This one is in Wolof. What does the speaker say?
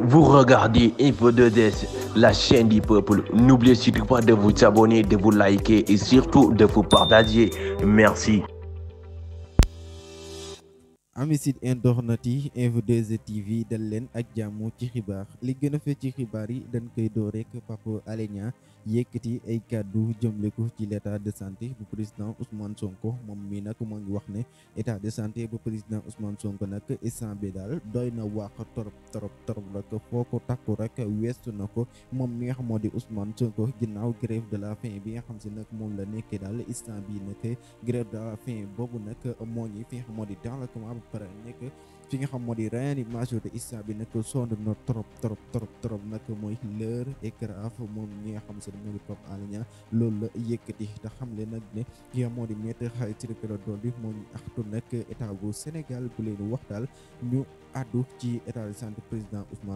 vous regardez Info 2 la chaîne du peuple. N'oubliez surtout pas de vous abonner, de vous liker et surtout de vous partager. Merci. ami site Info 2 TV de leen ak Les ci xibaar li gën a fës ci doré yi dañ koy door rek Pape Alé Niang ay kàddu jëmle ko ci de santé bu président Ousmane Sonko mom mi nak mo ngi wax né état de santé bu président Ousmane Sonko nak est bédal daal wax torop torop que foo ko takku rek weestu na ko moom mi nga xam moo di Ousmane ginnaaw grève de la faim bi nga xam si nag moom la nekkee daal instant bi nag grève de la faim boobu nag moo ñi fi nga xam moo di dans le coma ba pare nekk fi nga xam moo di réanimation de instant bi nag sonn na trop trop trop trop nag mooy l'heure est grave moom ñi nga xam si ne moo di Pape Alé Niang loolu la yëkkati te xam le nag ne ki moo di Maître Ciré Clédor Ly moo ñu axtu nag état bu Sénégal bu leen